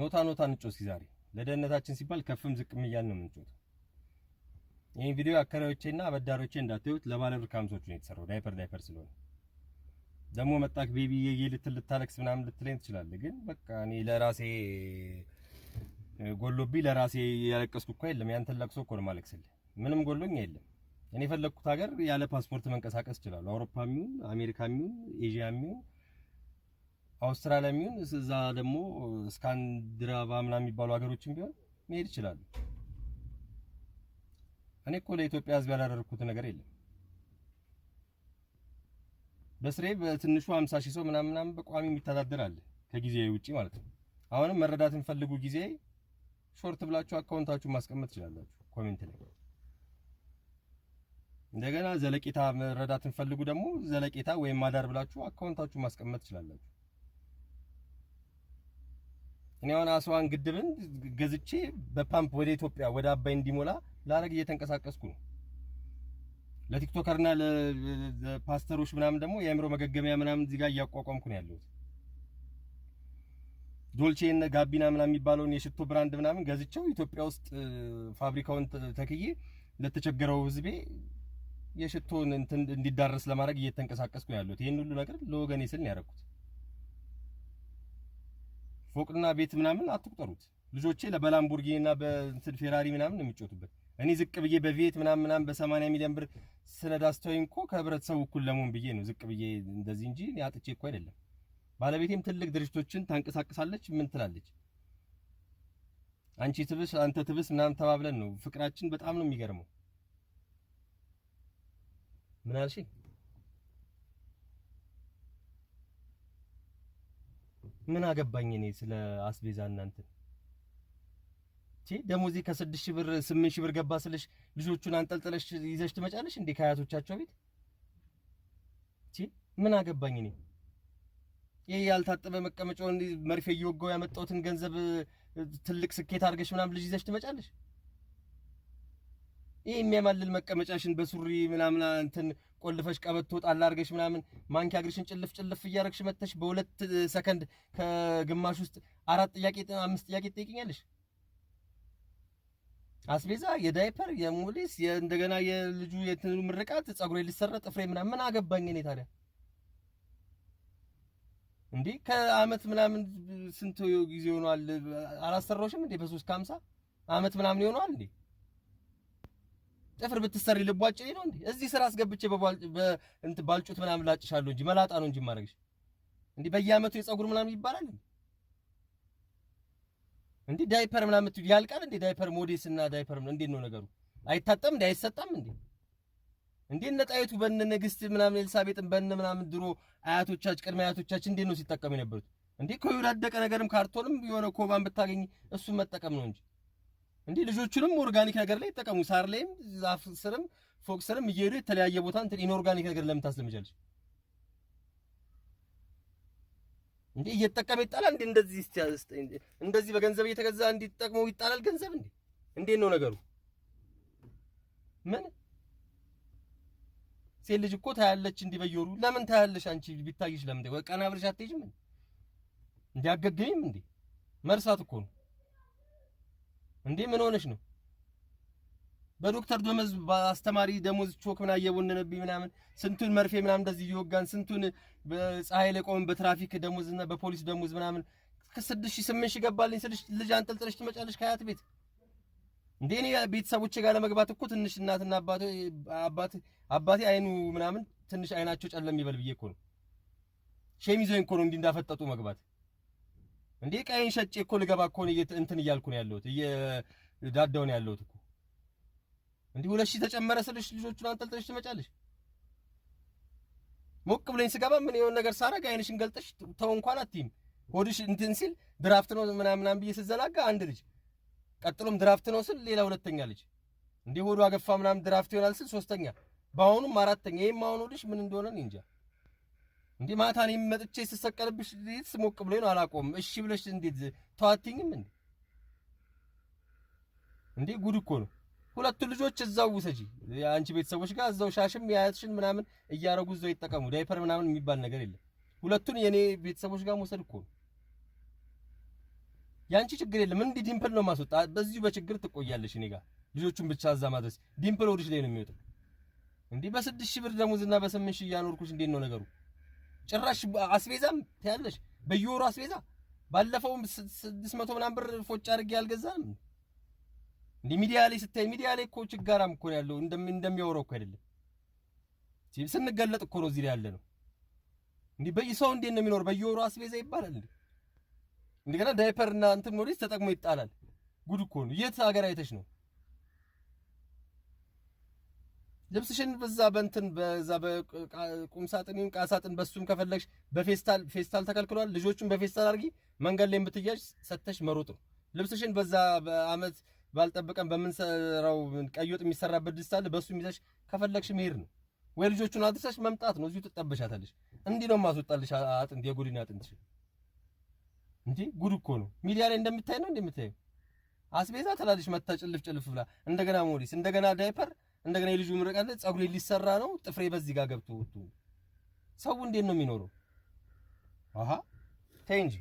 ኖታ ኖታ እንጮህ እስኪ ዛሬ ለደህንነታችን ሲባል ከፍም ዝቅም እያልን ነው የምንጮተው። ይህን ቪዲዮ አከራዮቼና አበዳሮቼ እንዳትዩት፣ ለባለብር ካምሶች ነው የተሰራው። ዳይፐር ዳይፐር ስለሆነ ደግሞ መጣክ ቤቢ የየ ልትል ልታለቅስ ምናምን ልትለኝ ትችላለህ። ግን በቃ እኔ ለራሴ ጎሎቢ ለራሴ ያለቀስኩ እኮ የለም። ያንተን ለቅሶ እኮ ነው የማለቅስልህ። ምንም ጎሎኝ የለም። እኔ የፈለግኩት ሀገር ያለ ፓስፖርት መንቀሳቀስ እችላለሁ። አውሮፓ የሚሆን አሜሪካ የሚሆን ኤዥያ የሚሆን አውስትራሊያ የሚሆን እዛ ደግሞ ስካንድራቫ ምናምን የሚባሉ ሀገሮችን ቢሆን መሄድ ይችላሉ። እኔ እኮ ለኢትዮጵያ ሕዝብ ያላደረኩት ነገር የለም። በስሬ በትንሹ 50 ሺህ ሰው ምናምን ምናምን በቋሚ የሚተዳደር አለ ከጊዜ ውጪ ማለት ነው። አሁንም መረዳት እንፈልጉ ጊዜ ሾርት ብላችሁ አካውንታችሁን ማስቀመጥ ትችላላችሁ ኮሜንት ላይ። እንደገና ዘለቄታ መረዳት እንፈልጉ ደግሞ ዘለቄታ ወይም ማዳር ብላችሁ አካውንታችሁ ማስቀመጥ ትችላላችሁ። እኔ አሁን አስዋን ግድብን ገዝቼ በፓምፕ ወደ ኢትዮጵያ ወደ አባይ እንዲሞላ ላረግ እየተንቀሳቀስኩ ነው። ለቲክቶከርና ለፓስተሮች ምናምን ደግሞ የአእምሮ መገገሚያ ምናምን እዚህ ጋር እያቋቋምኩ ነው ያለሁት። ዶልቼን ጋቢና ምናምን የሚባለውን የሽቶ ብራንድ ምናምን ገዝቼው ኢትዮጵያ ውስጥ ፋብሪካውን ተክዬ ለተቸገረው ህዝቤ የሽቶን እንዲዳረስ ለማድረግ እየተንቀሳቀስኩ ነው ያለሁት። ይህን ሁሉ ነገር ለወገኔ ስል ነው ያደረኩት። ፎቅና ቤት ምናምን አትቁጠሩት። ልጆቼ በላምቦርጊኒ እና በእንትን ፌራሪ ምናምን ነው የሚጮቱበት። እኔ ዝቅ ብዬ በቪየት ምናምን ምናምን በሰማንያ ሚሊዮን ብር ስለ ዳስታዊ እኮ ከህብረተሰቡ እኩል ለመሆን ብዬ ነው ዝቅ ብዬ እንደዚህ እንጂ አጥቼ እኮ አይደለም። ባለቤቴም ትልቅ ድርጅቶችን ታንቀሳቅሳለች። ምን ትላለች አንቺ ትብስ አንተ ትብስ ምናምን ተባብለን ነው ፍቅራችን። በጣም ነው የሚገርመው። ምን አልሽኝ? ምን አገባኝ እኔ ስለ አስቤዛ እናንተ ደሞዜ ከስድስት ሺህ ብር ስምንት ሺህ ብር ገባ ስልሽ ልጆቹን አንጠልጥለሽ ይዘሽ ትመጫለሽ እንዴ ከአያቶቻቸው ቤት ምን አገባኝ እኔ ይህ ያልታጠበ መቀመጫውን መርፌ እየወጋው ያመጣሁትን ገንዘብ ትልቅ ስኬት አድርገሽ ምናምን ልጅ ይዘሽ ትመጫለሽ ይህ የሚያማልል መቀመጫሽን በሱሪ ምናምን እንትን ቆልፈሽ ቀበቶ ጣላ አድርገሽ ምናምን ማንኪያ እግርሽን ጭልፍ ጭልፍ እያረግሽ መጥተሽ በሁለት ሰከንድ ከግማሽ ውስጥ አራት ጥያቄ አምስት ጥያቄ ትጠይቅኛለሽ። አስቤዛ፣ የዳይፐር፣ የሙሊስ እንደገና የልጁ የትንሉ ምርቃት፣ ጸጉሬ ሊሰራ፣ ጥፍሬ ምናምን ምን አገባኝ እኔ ታዲያ። እንዲህ ከአመት ምናምን ስንት ጊዜ ሆኗል? አላሰራሁሽም እንዴ በሶስት ከሀምሳ አመት ምናምን ይሆነዋል እንዴ ጥፍር ብትሰሪ ልቧጭ ነው እንዴ? እዚህ ስራ አስገብቼ ባልጩት ምናምን ላጭሻለሁ እንጂ መላጣ ነው እንጂ ማረግሽ እንዴ? በየአመቱ የፀጉር ምናምን ይባላል እንዴ? ዳይፐር ምናምን ትይ ያልቃል እንዴ? ዳይፐር ሞዴስ እና ዳይፐር እንዴት ነው ነገሩ? አይታጠም እንዴ? አይሰጣም እንዴ? እንዴ እነ ጣይቱ በነ ንግስት ምናምን ኤልሳቤጥን በእነ ምናምን ድሮ አያቶቻችን ቅድመ አያቶቻችን እንዴት ነው ሲጠቀሙ የነበሩት እንዴ? እኮ የወዳደቀ ነገርም ካርቶንም የሆነ ኮባን ብታገኝ እሱን መጠቀም ነው እንጂ እንዴ ልጆቹንም ኦርጋኒክ ነገር ላይ ይጠቀሙ። ሳር ላይም ዛፍ ስርም ፎቅ ስርም እየሄዱ የተለያየ ቦታ እንትን ኢንኦርጋኒክ ነገር ለምን ታስለምጃለሽ? እንዴ እየተጠቀመ ይጣላል። እንዴ እንደዚህ እንደዚህ በገንዘብ እየተገዛ እንዲጠቅመው ይጣላል ገንዘብ። እንዴ እንዴት ነው ነገሩ? ምን ሴት ልጅ እኮ ታያለች እንዲህ በየወሩ ለምን ታያለሽ? አንቺ ቢታይሽ ለምን ቀና ብለሽ አትሄጂም? እንዴ አትገገሚም? እንዴ መርሳት እኮ ነው እንዴ ምን ሆነሽ ነው? በዶክተር ደመዝ በአስተማሪ ደሞዝ ቾክ ምናምን እየቦነነብኝ ምናምን ስንቱን መርፌ ምናምን እንደዚህ እየወጋን ስንቱን በፀሐይ ለቆም በትራፊክ ደሞዝ እና በፖሊስ ደሞዝ ምናምን ከስድስት ሺህ ስምንት ሺህ ገባልኝ ስልሽ ልጅ አንጠልጥለሽ ትመጫለሽ ከአያት ቤት። እንዴ እኔ ቤተሰቦቼ ጋር ለመግባት እኮ ትንሽ እናትና አባቴ አባቴ አባቴ አይኑ ምናምን ትንሽ አይናቸው ጨለም ይበል ብዬ እኮ ነው ሸሚዞኝ እኮ ነው እንዲህ እንዳፈጠጡ መግባት እንዴ ቀይን ሸጬ እኮ ልገባ እኮ ነው እንትን እያልኩ ነው ያለሁት፣ እየዳዳው ነው ያለሁት እኮ እንዲህ ሁለት ሺህ ተጨመረ ስልሽ ልጆቹን አንጠልጥለሽ ትመጫለሽ። ሞቅ ብለኝ ስገባ ምን የሆነ ነገር ሳረግ አይንሽን ገልጠሽ ተው እንኳን አትይም። ሆድሽ እንትን ሲል ድራፍት ነው ምናምናም ብዬ ስዘናጋ አንድ ልጅ ቀጥሎም ድራፍት ነው ስል ሌላ ሁለተኛ ልጅ እንዲህ ሆዱ አገፋ ምናምን ድራፍት ይሆናል ስል ሶስተኛ፣ በአሁኑም አራተኛ። ይህም አሁኑ ልጅ ምን እንደሆነ እንጃ። እንዴ ማታ እኔም መጥቼ ስሰቀልብሽ ስሞቅ ብሎኝ ነው አላቆም። እሺ ብለሽ እንዴት ተዋትኝም እንዴ? እንዴ ጉድ እኮ ነው። ሁለቱ ልጆች እዛው ውሰጂ፣ አንቺ ቤተሰቦች ጋር እዛው ሻሽም የአያትሽን ምናምን እያረጉ እዛው ይጠቀሙ። ዳይፐር ምናምን የሚባል ነገር የለም። ሁለቱን የኔ ቤተሰቦች ጋር መውሰድ እኮ ነው። የአንቺ ችግር የለም። እንዲህ ዲምፕል ነው ማስወጣ። በዚሁ በችግር ትቆያለሽ እኔ ጋር። ልጆቹን ብቻ እዛ ማድረስ ዲምፕል ወድሽ ላይ ነው የሚወጣው። እንዲህ በስድስት ሺህ ብር ደሞዝና በስምንት ሺህ እያኖርኩሽ እንዴት ነው ነገሩ? ጭራሽ አስቤዛም ትያለሽ በየወሩ አስቤዛ ባለፈውም ስድስት መቶ ምናምን ብር ፎጭ አድርጌ አልገዛም። እንዲህ ሚዲያ ላይ ስታይ ሚዲያ ላይ እኮ ችጋራም እኮ ነው እንደም እንደሚያወራው እኮ አይደለም ስንገለጥ እኮ ነው እዚህ ላይ ያለ ነው። እንዲህ በየሰው እንዴት ነው የሚኖር? በየወሩ አስቤዛ ይባላል። እንዴ? እንደገና ዳይፐርና እንትን ሞዴስ ተጠቅሞ ይጣላል። ጉድ እኮ ነው። የት ሀገር አይተሽ ነው? ልብስሽን በዛ በእንትን በዛ በቁም ሳጥን ይሁን ሳጥን በሱም ከፈለግሽ በፌስታል ፌስታል ተከልክሏል። ልጆቹን በፌስታል አርጊ መንገድ ላይ የምትያዥ ሰተሽ መሮጥ ነው። ልብስሽን በዛ በአመት ባልጠበቀን በምንሰራው ቀይ ወጥ የሚሰራበት ድስት አለ። በሱ የሚዘሽ ከፈለግሽ መሄድ ነው ወይ ልጆቹን አድርሰሽ መምጣት ነው። እዚሁ ትጠበሻታለሽ። እንዲህ ነው ማስወጣልሽ አጥንት የጎድን አጥንት እንጂ ጉድ እኮ ነው። ሚዲያ ላይ እንደምታይ ነው እንደምታይ አስቤዛ ትላለሽ መታ ጭልፍ ጭልፍ ብላ እንደገና ሞዲስ እንደገና ዳይፐር እንደገና የልጁ ምርቃት ፀጉሬ ሊሰራ ነው፣ ጥፍሬ በዚህ ጋር ገብቶ ሰው እንዴት ነው የሚኖረው? አሃ ተይ እንጂ